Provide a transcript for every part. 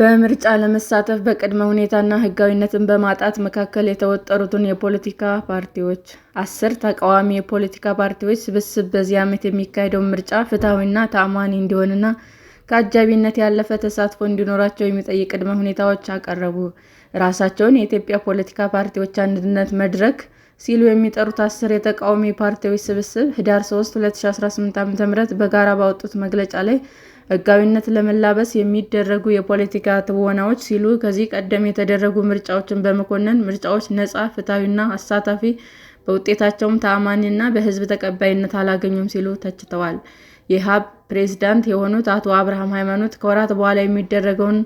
በምርጫ ለመሳተፍ በቅድመ ሁኔታና ህጋዊነትን በማጣት መካከል የተወጠሩትን የፖለቲካ ፓርቲዎች አስር ተቃዋሚ የፖለቲካ ፓርቲዎች ስብስብ በዚህ ዓመት የሚካሄደውን ምርጫ ፍትሐዊና ተአማኒ እንዲሆንና ከአጃቢነት ያለፈ ተሳትፎ እንዲኖራቸው የሚጠይቅ ቅድመ ሁኔታዎች አቀረቡ። ራሳቸውን የኢትዮጵያ ፖለቲካ ፓርቲዎች አንድነት መድረክ ሲሉ የሚጠሩት አስር የተቃዋሚ ፓርቲዎች ስብስብ ህዳር 3 2018 ዓ.ም በጋራ ባወጡት መግለጫ ላይ ሕጋዊነት ለመላበስ የሚደረጉ የፖለቲካ ትወናዎች ሲሉ ከዚህ ቀደም የተደረጉ ምርጫዎችን በመኮነን ምርጫዎች ነፃ፣ ፍትሐዊና አሳታፊ፣ በውጤታቸውም ተአማኒና በህዝብ ተቀባይነት አላገኙም ሲሉ ተችተዋል። የኢሕአፓ ፕሬዝዳንት የሆኑት አቶ አብርሃም ሃይማኖት ከወራት በኋላ የሚደረገውን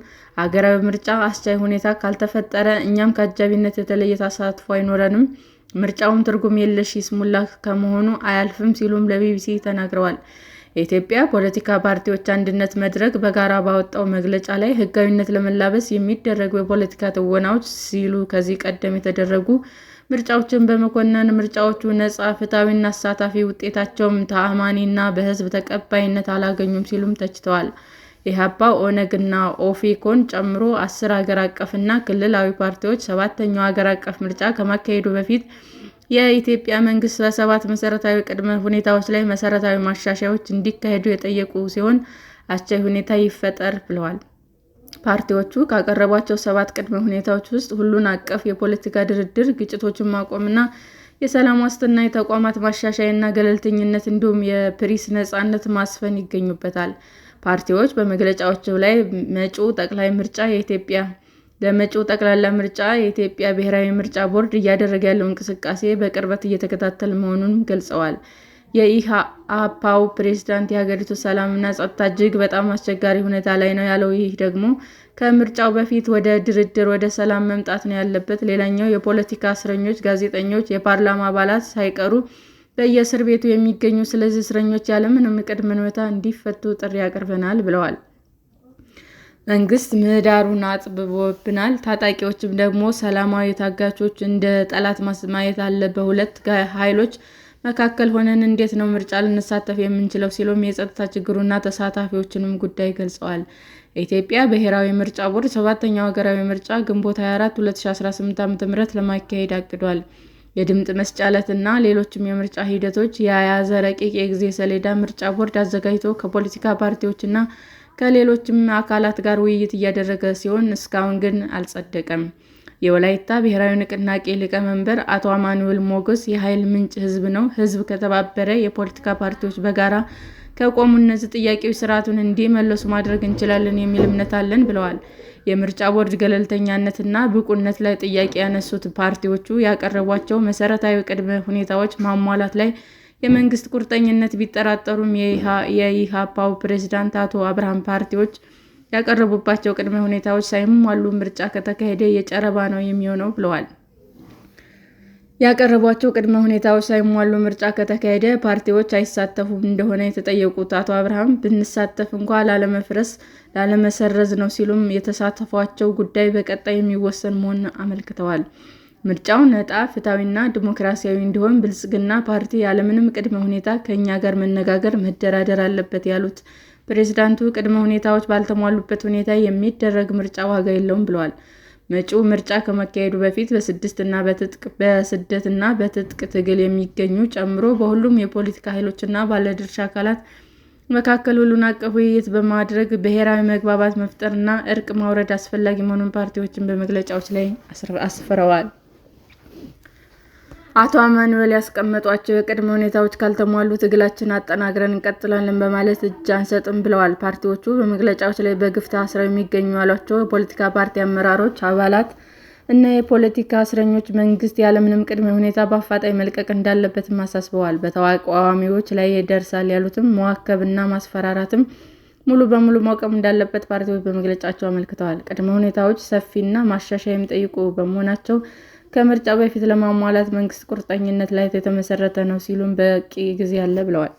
አገራዊ ምርጫ አስቻይ ሁኔታ ካልተፈጠረ እኛም ከአጃቢነት የተለየ ተሳትፎ አይኖረንም፣ ምርጫውም ትርጉም የለሽ ይስሙላ ከመሆኑ አያልፍም ሲሉም ለቢቢሲ ተናግረዋል። የኢትዮጵያ ፖለቲካ ፓርቲዎች አንድነት መድረክ በጋራ ባወጣው መግለጫ ላይ ሕጋዊነት ለመላበስ የሚደረጉ የፖለቲካ ትወናዎች ሲሉ ከዚህ ቀደም የተደረጉ ምርጫዎችን በመኮነን ምርጫዎቹ ነፃ፣ ፍትሐዊና አሳታፊ፣ ውጤታቸውም ተአማኒና በሕዝብ ተቀባይነት አላገኙም ሲሉም ተችተዋል። ኦነግ ኦነግና ኦፌኮን ጨምሮ አስር ሀገር አቀፍና ክልላዊ ፓርቲዎች ሰባተኛው ሀገር አቀፍ ምርጫ ከማካሄዱ በፊት የኢትዮጵያ መንግስት በሰባት መሰረታዊ ቅድመ ሁኔታዎች ላይ መሰረታዊ ማሻሻያዎች እንዲካሄዱ የጠየቁ ሲሆን አስቻይ ሁኔታ ይፈጠር ብለዋል። ፓርቲዎቹ ካቀረቧቸው ሰባት ቅድመ ሁኔታዎች ውስጥ ሁሉን አቀፍ የፖለቲካ ድርድር፣ ግጭቶችን ማቆምና የሰላም ዋስትና፣ የተቋማት ማሻሻያና ገለልተኝነት እንዲሁም የፕሬስ ነፃነት ማስፈን ይገኙበታል። ፓርቲዎች በመግለጫዎቻቸው ላይ መጪው ጠቅላይ ምርጫ የኢትዮጵያ ለመጪው ጠቅላላ ምርጫ የኢትዮጵያ ብሔራዊ ምርጫ ቦርድ እያደረገ ያለው እንቅስቃሴ በቅርበት እየተከታተለ መሆኑን ገልጸዋል። የኢሃፓው ፕሬዝዳንት የሀገሪቱ ሰላምና ጸጥታ እጅግ በጣም አስቸጋሪ ሁኔታ ላይ ነው ያለው፣ ይህ ደግሞ ከምርጫው በፊት ወደ ድርድር፣ ወደ ሰላም መምጣት ነው ያለበት። ሌላኛው የፖለቲካ እስረኞች፣ ጋዜጠኞች፣ የፓርላማ አባላት ሳይቀሩ በየእስር ቤቱ የሚገኙ ስለዚህ እስረኞች ያለምንም ቅድመ ሁኔታ እንዲፈቱ ጥሪ አቅርበናል ብለዋል። መንግስት ምህዳሩን አጥብቦብናል። ታጣቂዎችም ደግሞ ሰላማዊ ታጋቾች እንደ ጠላት ማየት አለ። በሁለት ኃይሎች መካከል ሆነን እንዴት ነው ምርጫ ልንሳተፍ የምንችለው? ሲሉም የጸጥታ ችግሩና ተሳታፊዎችንም ጉዳይ ገልጸዋል። የኢትዮጵያ ብሔራዊ ምርጫ ቦርድ ሰባተኛው ሀገራዊ ምርጫ ግንቦት 24 2018 ዓ.ም ለማካሄድ አቅዷል። የድምፅ መስጫለት እና ሌሎችም የምርጫ ሂደቶች የያዘ ረቂቅ የጊዜ ሰሌዳ ምርጫ ቦርድ አዘጋጅቶ ከፖለቲካ ፓርቲዎች እና ከሌሎችም አካላት ጋር ውይይት እያደረገ ሲሆን እስካሁን ግን አልጸደቀም። የወላይታ ብሔራዊ ንቅናቄ ሊቀመንበር አቶ አማኑኤል ሞገስ የኃይል ምንጭ ሕዝብ ነው፣ ሕዝብ ከተባበረ የፖለቲካ ፓርቲዎች በጋራ ከቆሙ እነዚህ ጥያቄዎች ስርዓቱን እንዲመለሱ ማድረግ እንችላለን የሚል እምነት አለን ብለዋል። የምርጫ ቦርድ ገለልተኛነትና ብቁነት ላይ ጥያቄ ያነሱት ፓርቲዎቹ ያቀረቧቸው መሰረታዊ ቅድመ ሁኔታዎች ማሟላት ላይ የመንግስት ቁርጠኝነት ቢጠራጠሩም የኢሃፓው ፕሬዚዳንት አቶ አብርሃም ፓርቲዎች ያቀረቡባቸው ቅድመ ሁኔታዎች ሳይሟሉ ምርጫ ከተካሄደ የጨረባ ነው የሚሆነው ብለዋል። ያቀረቧቸው ቅድመ ሁኔታዎች ሳይሟሉ ምርጫ ከተካሄደ ፓርቲዎች አይሳተፉም እንደሆነ የተጠየቁት አቶ አብርሃም ብንሳተፍ እንኳ ላለመፍረስ፣ ላለመሰረዝ ነው ሲሉም የተሳተፏቸው ጉዳይ በቀጣይ የሚወሰን መሆን አመልክተዋል። ምርጫው ነጣ፣ ፍትሐዊና ዲሞክራሲያዊ እንዲሆን ብልጽግና ፓርቲ ያለምንም ቅድመ ሁኔታ ከእኛ ጋር መነጋገር፣ መደራደር አለበት ያሉት ፕሬዚዳንቱ ቅድመ ሁኔታዎች ባልተሟሉበት ሁኔታ የሚደረግ ምርጫ ዋጋ የለውም ብለዋል። መጪው ምርጫ ከመካሄዱ በፊት በስደትና በትጥቅ ትግል የሚገኙ ጨምሮ በሁሉም የፖለቲካ ኃይሎችና ባለድርሻ አካላት መካከል ሁሉን አቀፍ ውይይት በማድረግ ብሔራዊ መግባባት መፍጠርና እርቅ ማውረድ አስፈላጊ መሆኑን ፓርቲዎችን በመግለጫዎች ላይ አስፍረዋል። አቶ አማኑኤል ያስቀመጧቸው የቅድመ ሁኔታዎች ካልተሟሉ ትግላችን አጠናክረን እንቀጥላለን በማለት እጅ አንሰጥም ብለዋል። ፓርቲዎቹ በመግለጫዎች ላይ በግፍ ታስረው የሚገኙ ያሏቸው የፖለቲካ ፓርቲ አመራሮች፣ አባላት እና የፖለቲካ እስረኞች መንግስት ያለምንም ቅድመ ሁኔታ በአፋጣኝ መልቀቅ እንዳለበትም አሳስበዋል። በተቃዋሚዎች ላይ ይደርሳል ያሉትም መዋከብና ማስፈራራትም ሙሉ በሙሉ ማቆም እንዳለበት ፓርቲዎች በመግለጫቸው አመልክተዋል። ቅድመ ሁኔታዎች ሰፊና ማሻሻያ የሚጠይቁ በመሆናቸው ከምርጫ በፊት ለማሟላት መንግስት ቁርጠኝነት ላይ የተመሰረተ ነው ሲሉም በቂ ጊዜ አለ ብለዋል።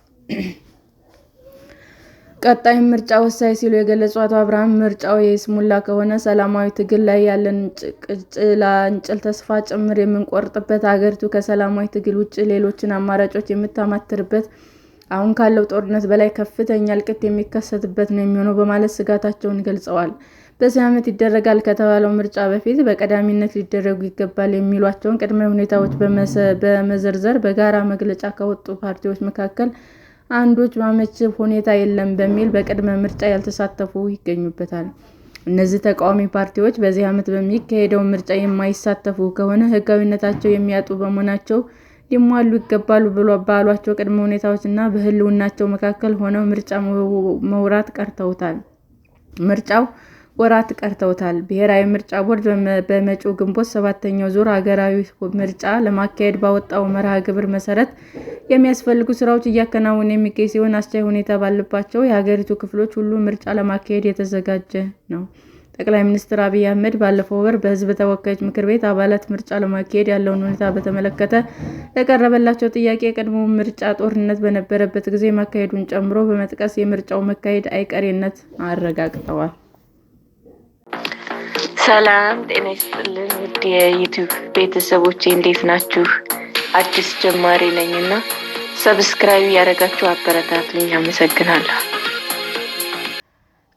ቀጣይም ምርጫ ወሳኝ ሲሉ የገለጹ አቶ አብርሃም ምርጫው የይስሙላ ከሆነ ሰላማዊ ትግል ላይ ያለን ጭላንጭል ተስፋ ጭምር የምንቆርጥበት፣ አገሪቱ ከሰላማዊ ትግል ውጭ ሌሎችን አማራጮች የምታማትርበት አሁን ካለው ጦርነት በላይ ከፍተኛ እልቂት የሚከሰትበት ነው የሚሆነው በማለት ስጋታቸውን ገልጸዋል። በዚህ ዓመት ይደረጋል ከተባለው ምርጫ በፊት በቀዳሚነት ሊደረጉ ይገባል የሚሏቸውን ቅድመ ሁኔታዎች በመዘርዘር በጋራ መግለጫ ከወጡ ፓርቲዎች መካከል አንዶች በአመች ሁኔታ የለም በሚል በቅድመ ምርጫ ያልተሳተፉ ይገኙበታል። እነዚህ ተቃዋሚ ፓርቲዎች በዚህ ዓመት በሚካሄደው ምርጫ የማይሳተፉ ከሆነ ሕጋዊነታቸው የሚያጡ በመሆናቸው ሊሟሉ ይገባሉ ባሏቸው ቅድመ ሁኔታዎች እና በህልውናቸው መካከል ሆነው ምርጫ መውራት ቀርተውታል ምርጫው ወራት ቀርተውታል። ብሔራዊ ምርጫ ቦርድ በመጪው ግንቦት ሰባተኛው ዙር ሀገራዊ ምርጫ ለማካሄድ ባወጣው መርሃ ግብር መሰረት የሚያስፈልጉ ስራዎች እያከናወነ የሚገኝ ሲሆን አስቻይ ሁኔታ ባለባቸው የሀገሪቱ ክፍሎች ሁሉ ምርጫ ለማካሄድ የተዘጋጀ ነው። ጠቅላይ ሚኒስትር አብይ አህመድ ባለፈው ወር በህዝብ ተወካዮች ምክር ቤት አባላት ምርጫ ለማካሄድ ያለውን ሁኔታ በተመለከተ ለቀረበላቸው ጥያቄ የቀድሞ ምርጫ ጦርነት በነበረበት ጊዜ ማካሄዱን ጨምሮ በመጥቀስ የምርጫው መካሄድ አይቀሬነት አረጋግጠዋል። ሰላም ጤና ይስጥልን ውድ የዩቱብ ቤተሰቦቼ እንዴት ናችሁ? አዲስ ጀማሪ ነኝና ሰብስክራይብ ያደረጋችሁ አበረታትልኝ። አመሰግናለሁ።